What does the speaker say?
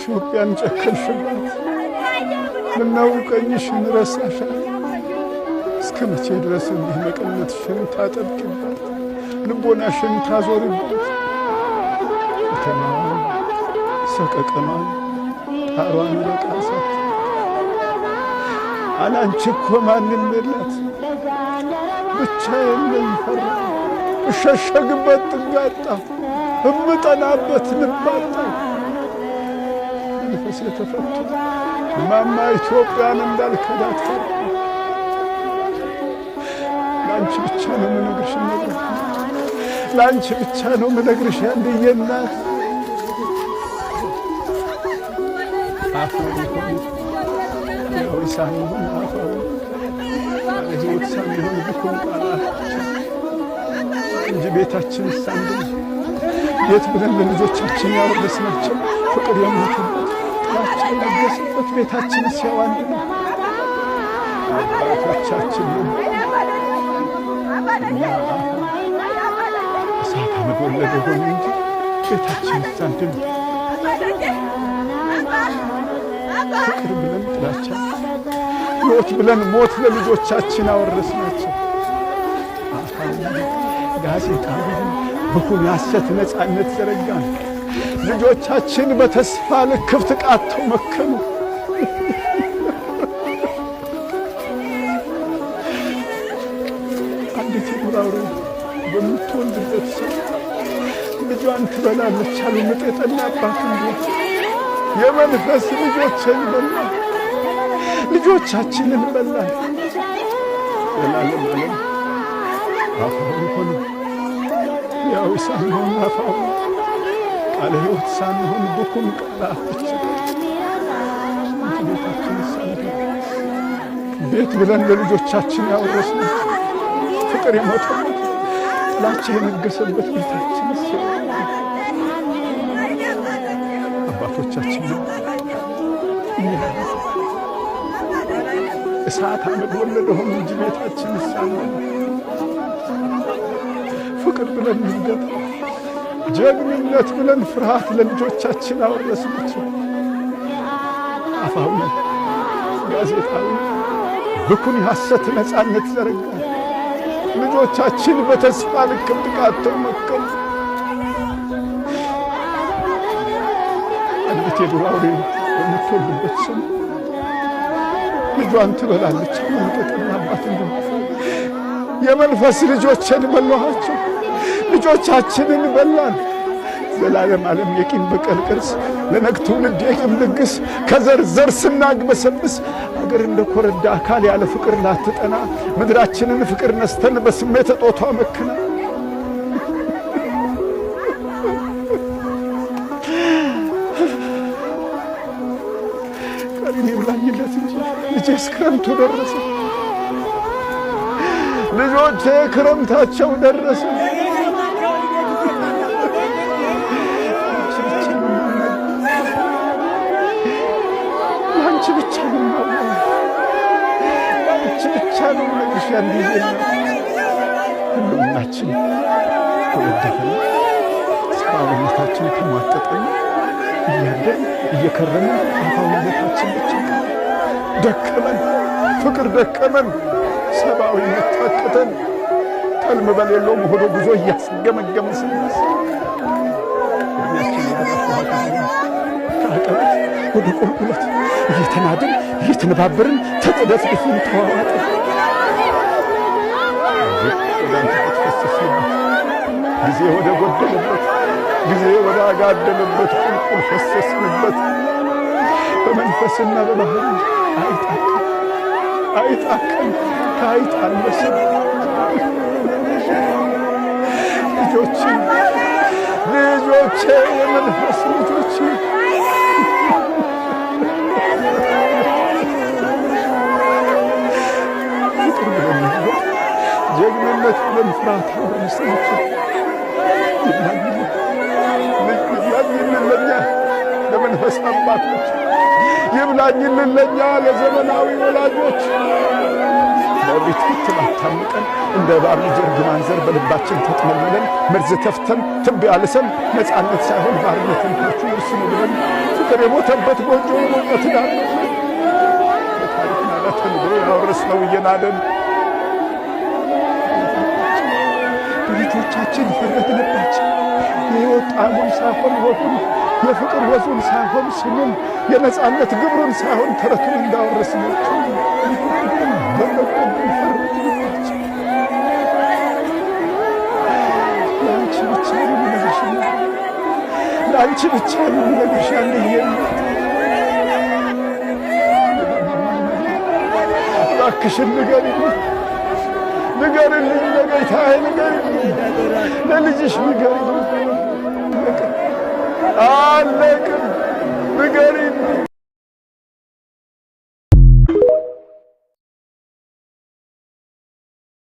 ኢትዮጵያን ጨከንሽባት። ምነው ቀኝሽን ረሳሻት? እስከ መቼ ድረስ እንዲህ መቀነትሽን ታጠብቂባት፣ ልቦናሽን ታዞሪባት? ከተማዋን ሰቀቀኗን ታሯን ለቃሳት አላንቺ እኮ ማንም የላት ብቻዬን ነኝ እሸሸግበት ጥጋጣ እምጠናበት ልባጣ መንፈስ የተፈቱ መማ ኢትዮጵያን እንዳልከዳት ፈራ ለአንቺ ብቻ ነው የምነግርሽ ነገር ለአንቺ ብቻ ነው የምነግርሽ አንድዬ እናት እንጂ ቤታችን ሳንድ ቤት ብለን ለልጆቻችን ያወረስናቸው ፍቅር የሞትበት ሀገራችን የረገስበት ቤታችን ሲያዋል አባቶቻችን እሳት አመድወለደ ሆኑ እንጂ ቤታችን ፍቅር ብለን ጥላቻ፣ ሕይወት ብለን ሞት ለልጆቻችን አወረስናቸው። ጋዜጣ በሁን ሐሰት ነፃነት ዘረጋን። ልጆቻችን በተስፋ ልክፍት ቃተው መከኑ። አንዲት የዱር አውሬ በምትወልድበት ሰው ልጇን ትበላለች አሉ ምጤጠና አባት እንዴት የመንፈስ ልጆችን በላ ልጆቻችንን በላል። ዘላለም ዓለም አፈሩ ሆነ ያው ሳምሆን አፋው ባለሕይወት ሳንሆን ብኩን ቀራች ቤት ብለን ለልጆቻችን ያወረስነት ፍቅር የሞተበት ጥላቻ የነገሰበት ቤታችን አባቶቻችን እሳት አመድ ወለደሆኑ እንጂ ቤታችን ሳንሆን ፍቅር ብለን ይገጣል ጀግንነት ብለን ፍርሃት ለልጆቻችን አወረስናቸው። አፋዊ ጋዜጣዊ ብኩን የሐሰት ነፃነት ዘረጋ። ልጆቻችን በተስፋ ልክ ብቃተው መቀም አንዲት የዱር አውሬ በምትወልድበት ልጇን ትበላለች። መንጠቅና አባት እንደ የመንፈስ ልጆችን በላኋቸው። ልጆቻችንን በላን። ዘላለም ዓለም የቂም በቀል ቅርስ ለነገ ትውልድ የቂም ልግስ ከዘር ዘር ስናግበሰብስ አገር እንደ ኮረዳ አካል ያለ ፍቅር ላትጠና ምድራችንን ፍቅር ነስተን በስሜት ጦቷ መክና ቀሪኔ ብላኝለት እንጂ ልጄ ክረምቱ ደረሰ። ልጆቼ ክረምታቸው ደረሰ። ብቻ ግን አንቺ ብቻ ነው ነገሽ ያንድ ሁሉምናችን ተወደፈን ሰብአዊነታችን ተሟጠጠን እያደን እየከረምን አፋዊነታችን ብቻ ደከመን፣ ፍቅር ደከመን፣ ሰብአዊነት ታቀተን፣ ተልም በሌለው መሆኖ ጉዞ እያስገመገምን ስናስ ወደ ቁልቁለት እየተናድን እየተነባበርን ተጠደፍን ተዋዋጠ ጊዜ ወደ ጎደለበት ጊዜ ወደ አጋደለበት ቁልቁል ፈሰስንበት። በመንፈስና በባህሪ አይጣከም አይጣከም ከአይጣለስም አልመስል ልጆቼ ልጆቼ የመንፈስ ልጆቼ በእምነት በመፍራት በመሰላቸው ይብላኝልን ለኛ ለመንፈስ አባቶች፣ ይብላኝልን ለኛ ለዘመናዊ ወላጆች በቤት ክትል አታምቀን እንደ ባር ልጅ እርግማን ዘር በልባችን ተጥመልለን መርዝ ተፍተን ትቢያ ልሰን ነፃነት ሳይሆን ባርነትን ታችሁ እርስኑ ብለን ፍቅር የሞተበት ጎጆ የሞቀት ዳር በታሪክ ናዳ ተንብሮ ያወረስነው እየናደን ወንድሞቻችን ህብረት ልባችን የህይወት ጣዕሙን ሳይሆን ወጉን የፍቅር ወዙን ሳይሆን ስሙን የነፃነት ግብሩን ሳይሆን ተረቱን እንዳወረስናቸው ለአንቺ ብቻ የሚነግርሽ ለአንቺ ብቻ እባክሽን ንገርልኝ፣ ለጌታዬ ንገርልኝ፣ ለልጅሽ ንገርልኝ። አለቅም ንገሪ